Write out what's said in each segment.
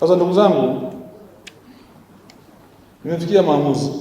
Sasa ndugu zangu, nimefikia maamuzi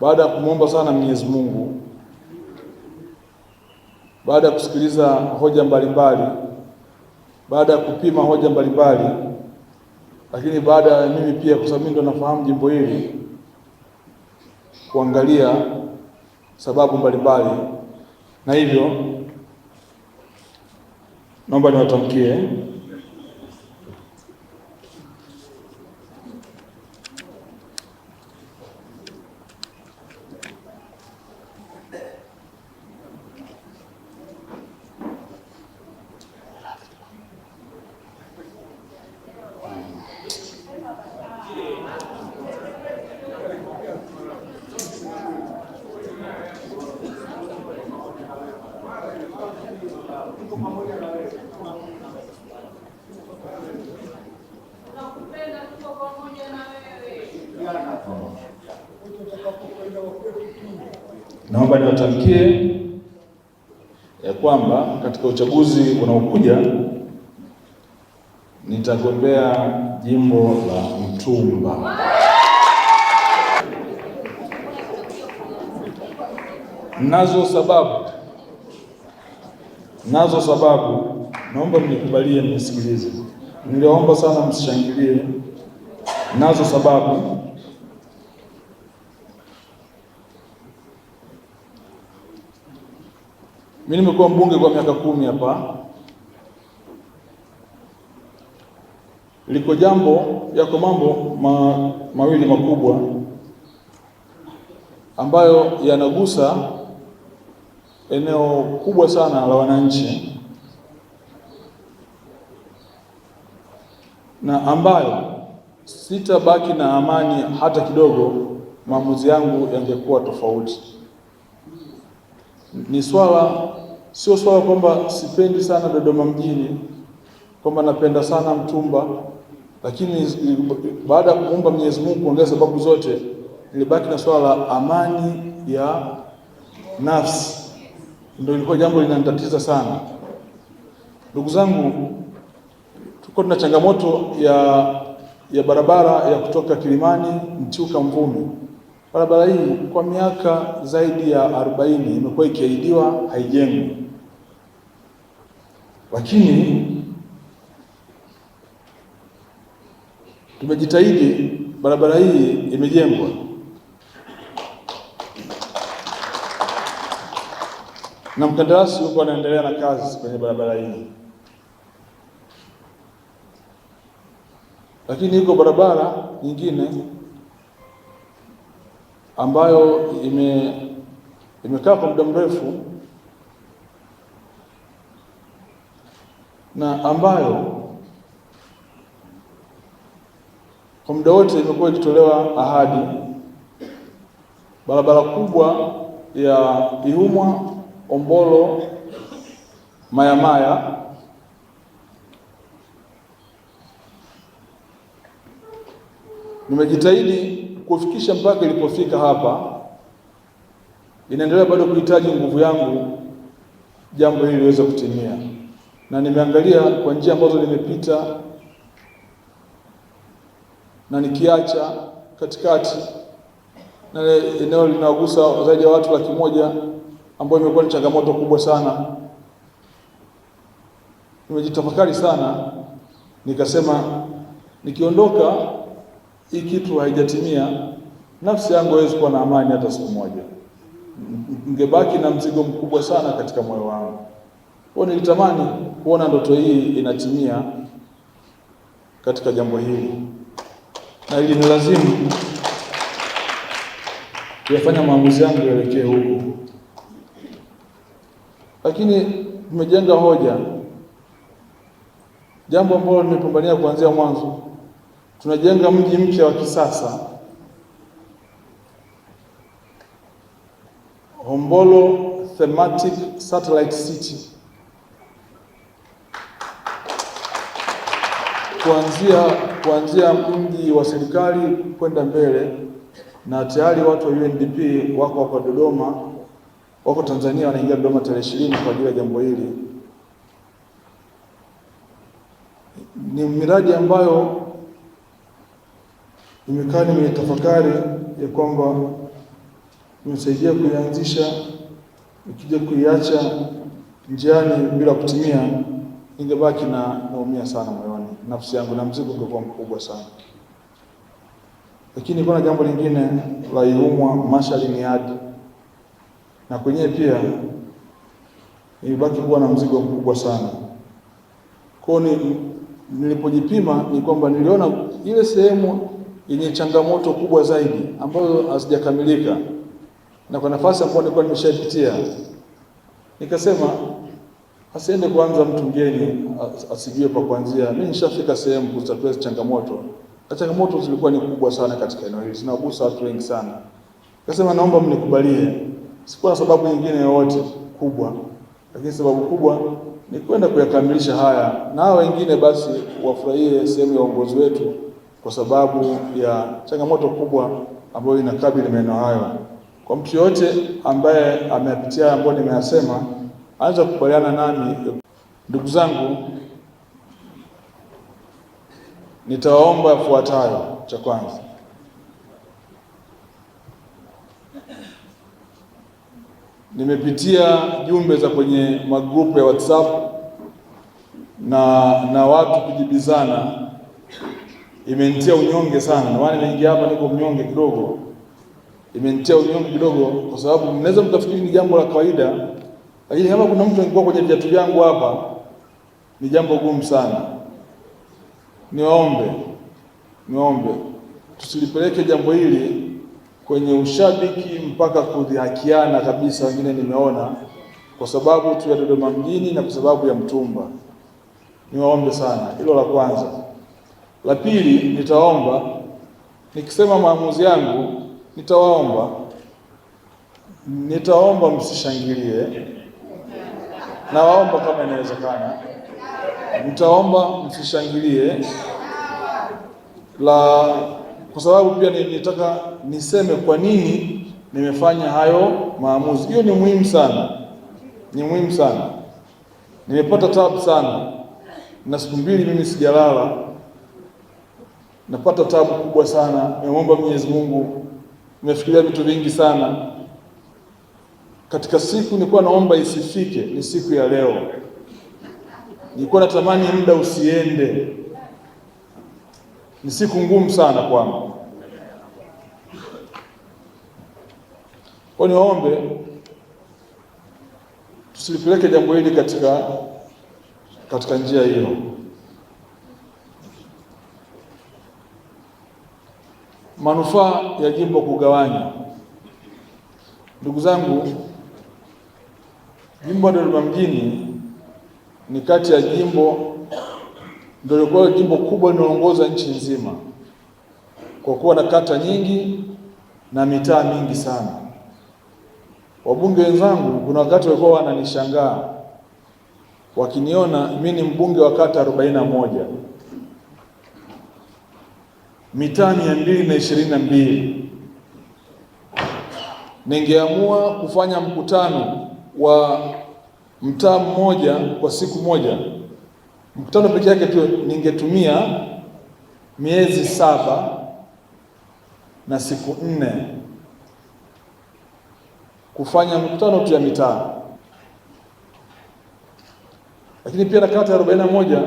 baada ya kumwomba sana Mwenyezi Mungu, baada ya kusikiliza hoja mbalimbali, baada ya kupima hoja mbalimbali, lakini baada ya mimi pia, kwa sababu ndo nafahamu jimbo hili, kuangalia sababu mbalimbali na hivyo Naomba niwatamkie Naomba niwatamkie ya kwamba katika uchaguzi unaokuja nitagombea jimbo la Mtumba. Nazo sababu, nazo sababu, naomba mnikubalie, mnisikilize, niliomba sana msishangilie. Nazo sababu Mimi nimekuwa mbunge kwa miaka kumi hapa. Liko jambo, yako mambo ma, mawili makubwa ambayo yanagusa eneo kubwa sana la wananchi na ambayo sitabaki na amani hata kidogo, maamuzi yangu yangekuwa tofauti. Ni swala Sio swala kwamba sipendi sana Dodoma mjini, kwamba napenda sana Mtumba, lakini baada ya kuomba Mwenyezi Mungu kuongea sababu zote, nilibaki na swala la amani ya nafsi, ndio ilikuwa jambo linanitatiza sana. Ndugu zangu, tuko tuna changamoto ya ya barabara ya kutoka Kilimani Mtiuka Mvumi. Barabara hii kwa miaka zaidi ya arobaini imekuwa ikiahidiwa haijengwi lakini tumejitahidi, barabara hii imejengwa na mkandarasi huko anaendelea na kazi kwenye barabara hii, lakini iko barabara nyingine ambayo ime imekaa kwa muda mrefu na ambayo kwa muda wote imekuwa ikitolewa ahadi. Barabara kubwa ya Ihumwa Ombolo Mayamaya nimejitahidi kufikisha mpaka ilipofika hapa, inaendelea bado kuhitaji nguvu yangu jambo hili liweze kutimia na nimeangalia kwa njia ambazo nimepita na nikiacha katikati na eneo linaogusa zaidi ya watu laki moja ambayo imekuwa ni changamoto kubwa sana. Nimejitafakari sana, nikasema nikiondoka hii kitu haijatimia, nafsi yangu haiwezi kuwa na amani hata siku moja, ningebaki na mzigo mkubwa sana katika moyo wangu. Kwa nilitamani kuona ndoto hii inatimia katika jambo hili, na ili ni lazima kuyafanya maamuzi yangu yaelekee huko, lakini tumejenga hoja, jambo ambalo nimepambania kuanzia mwanzo. Tunajenga mji mpya wa kisasa Hombolo Thematic Satellite City kuanzia kuanzia mji wa serikali kwenda mbele, na tayari watu wa UNDP wako hapa Dodoma, wako Tanzania, wanaingia Dodoma tarehe ishirini kwa ajili ya jambo hili. Ni miradi ambayo nimekaa nimetafakari ya kwamba nimesaidia kuianzisha, nikija kuiacha njiani bila kutimia, ningebaki na naumia sana moyo nafsi yangu na mzigo ungekuwa mkubwa sana. Lakini kuna jambo lingine la iumwa Mashali Niadi, na kwenyewe pia nilibaki kuwa na mzigo mkubwa sana. Kwa Ni nilipojipima ni kwamba niliona ile sehemu yenye changamoto kubwa zaidi ambayo hazijakamilika na kwa nafasi ambayo nilikuwa nimeshaipitia nikasema asiende kwanza mtu mgeni asijue pa kuanzia. Mimi nishafika sehemu kutatua changamoto, na changamoto zilikuwa ni kubwa sana katika eneo hili, zinagusa watu wengi sana. Kasema naomba mnikubalie, sikuwa na sababu nyingine yoyote kubwa, lakini sababu kubwa ni kwenda kuyakamilisha haya, na hao wengine basi wafurahie sehemu ya uongozi wetu, kwa sababu ya changamoto kubwa ambayo inakabili maeneo hayo. Kwa mtu yoyote ambaye ameyapitia ambayo nimeyasema anza kukubaliana nami. Ndugu zangu, nitawaomba yafuatayo. Cha kwanza, nimepitia jumbe za kwenye magrupu ya WhatsApp na na watu kujibizana, imenitia unyonge sana, na maana nimeingia hapa, niko mnyonge kidogo, imenitia unyonge kidogo, kwa sababu mnaweza mkafikiri ni jambo la kawaida lakini kama kuna mtu angekuwa kwenye viatu vyangu hapa, ni jambo gumu sana. Niwaombe, niwaombe tusilipeleke jambo hili kwenye ushabiki mpaka kudhihakiana kabisa, wengine nimeona kwa sababu tu ya Dodoma mjini na kwa sababu ya Mtumba. Niwaombe sana, hilo la kwanza. La pili, nitaomba nikisema maamuzi yangu, nitawaomba nitaomba msishangilie Nawaomba kama inawezekana, mtaomba msishangilie la, kwa sababu pia nitaka niseme kwa nini nimefanya hayo maamuzi. Hiyo ni muhimu sana, ni muhimu sana. Nimepata tabu sana, na siku mbili mimi sijalala, napata tabu kubwa sana. Nimeomba Mwenyezi Mungu, nimefikiria vitu vingi sana katika siku nilikuwa naomba isifike ni siku ya leo. Nilikuwa natamani muda usiende. Ni siku ngumu sana kwangu, kwa niombe tusilipeleke jambo hili katika katika njia hiyo. Manufaa ya jimbo kugawanya, ndugu zangu Jimbo la Dodoma mjini ni kati ya jimbo ndio lilikuwa jimbo kubwa linaloongoza nchi nzima kwa kuwa na kata nyingi na mitaa mingi sana. Wabunge wenzangu, kuna wakati walikuwa wananishangaa wakiniona mimi ni mbunge wa kata arobaini na moja mitaa mia mbili na ishirini na mbili ningeamua kufanya mkutano wa mtaa mmoja kwa siku moja, mkutano peke yake tu ningetumia miezi saba na siku nne kufanya mkutano tu ya mitaa. Lakini pia na kata ya arobaini na moja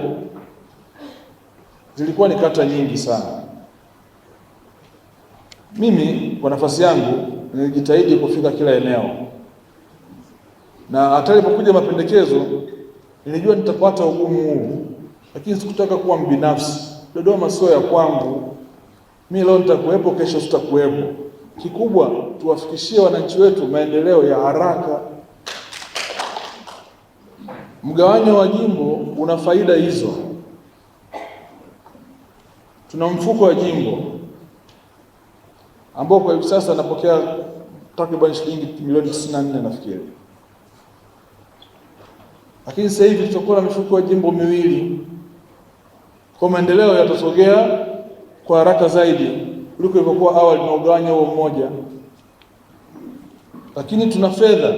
zilikuwa ni kata nyingi sana. Mimi kwa nafasi yangu nilijitahidi kufika kila eneo na hata ilipokuja mapendekezo nilijua nitapata ugumu huu, lakini sikutaka kuwa mbinafsi. Dodoma sio ya kwangu, mi leo nitakuwepo, kesho sitakuwepo. Kikubwa tuwafikishie wananchi wetu maendeleo ya haraka. Mgawanyo wa jimbo una faida hizo. Tuna mfuko wa jimbo ambao kwa hivi sasa anapokea takriban shilingi milioni 94 nafikiri. Lakini sasa hivi tutakuwa na mifuko ya jimbo miwili, kwa maendeleo yatasogea kwa haraka zaidi kuliko ilivyokuwa awali na ugawanya huo mmoja. Lakini tuna fedha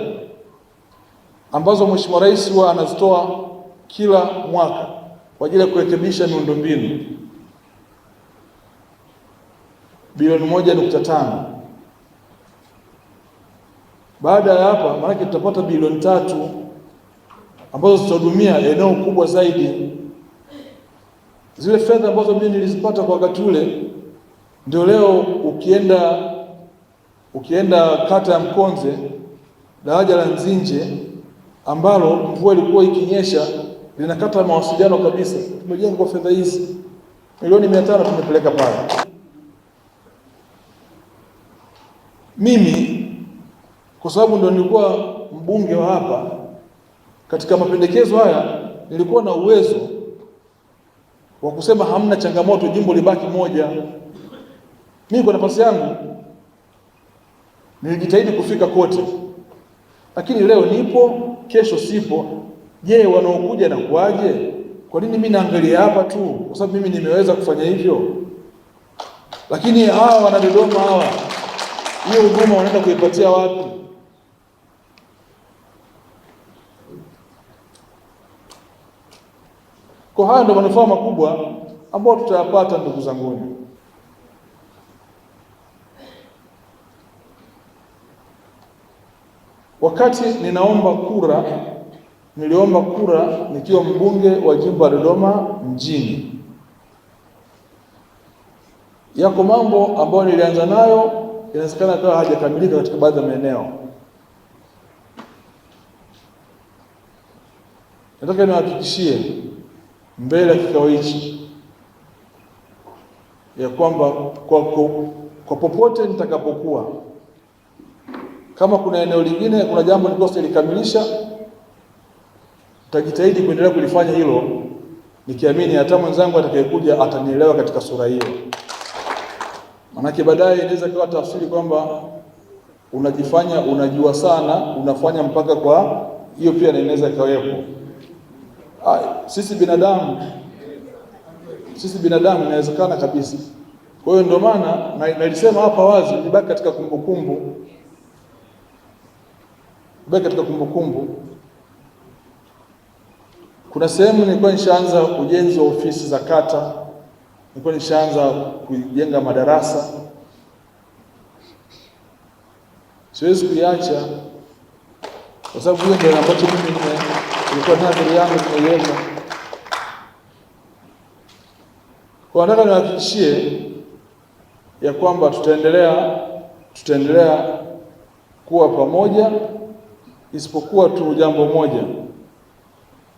ambazo Mheshimiwa Rais huwa anazitoa kila mwaka kwa ajili ya kurekebisha miundombinu bilioni moja nukta tano. Baada ya hapa, maanake tutapata bilioni tatu ambazo zitahudumia eneo kubwa zaidi. Zile fedha ambazo mimi nilizipata kwa wakati ule, ndio leo ukienda ukienda kata ya Mkonze, daraja la Nzinje ambalo mvua ilikuwa ikinyesha linakata mawasiliano kabisa, tumejenga kwa fedha hizi milioni mia tano tumepeleka pale. Mimi kwa sababu ndo nilikuwa mbunge wa hapa katika mapendekezo haya nilikuwa na uwezo wa kusema hamna changamoto, jimbo libaki moja. Mimi kwa nafasi yangu nilijitahidi kufika kote, lakini leo nipo, kesho sipo. Je, wanaokuja na kuaje? Kwa nini mimi naangalia hapa tu, kwa sababu mimi nimeweza kufanya hivyo? Lakini hawa wanadodoma hawa, hiyo huduma wanaenda kuipatia wapi? Kwa haya ndio manufaa makubwa ambayo tutayapata ndugu zangu. Wakati ninaomba kura, niliomba kura nikiwa mbunge wa jimbo la Dodoma mjini. Yako mambo ambayo nilianza nayo, inawezekana kawa hajakamilika katika baadhi ya maeneo. Nataka niwahakikishie mbele ya kikao hichi ya kwamba kwa, kwa, kwa popote nitakapokuwa, kama kuna eneo lingine, kuna jambo nikosa likamilisha, nitajitahidi kuendelea kulifanya hilo, nikiamini hata mwenzangu atakayekuja atanielewa katika sura hiyo. Manake baadaye inaweza kuwa tafsiri kwamba unajifanya unajua sana, unafanya mpaka kwa hiyo, pia inaweza ikawepo. Ah, sisi binadamu, sisi binadamu inawezekana kabisa. Kwa hiyo ndio maana nalisema hapa wazi, nibaki katika kumbukumbu, nibaki katika kumbukumbu. Kuna sehemu nilikuwa nishaanza ujenzi wa ofisi za kata, nilikuwa nishaanza kujenga madarasa, siwezi kuiacha kwa sababu hiyo ndio ambacho mimi ilikuwa nadhiri yangu nimeiweka. Nataka niwahakikishie ya kwamba tutaendelea tutaendelea kuwa pamoja, isipokuwa tu jambo moja,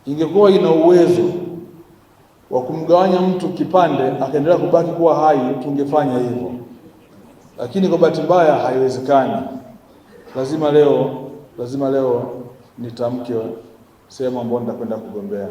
ingekuwa ina uwezo wa kumgawanya mtu kipande akaendelea kubaki kuwa hai, tungefanya hivyo, lakini kwa bahati mbaya haiwezekani. Lazima leo lazima leo nitamke sehemu ambayo nitakwenda kugombea.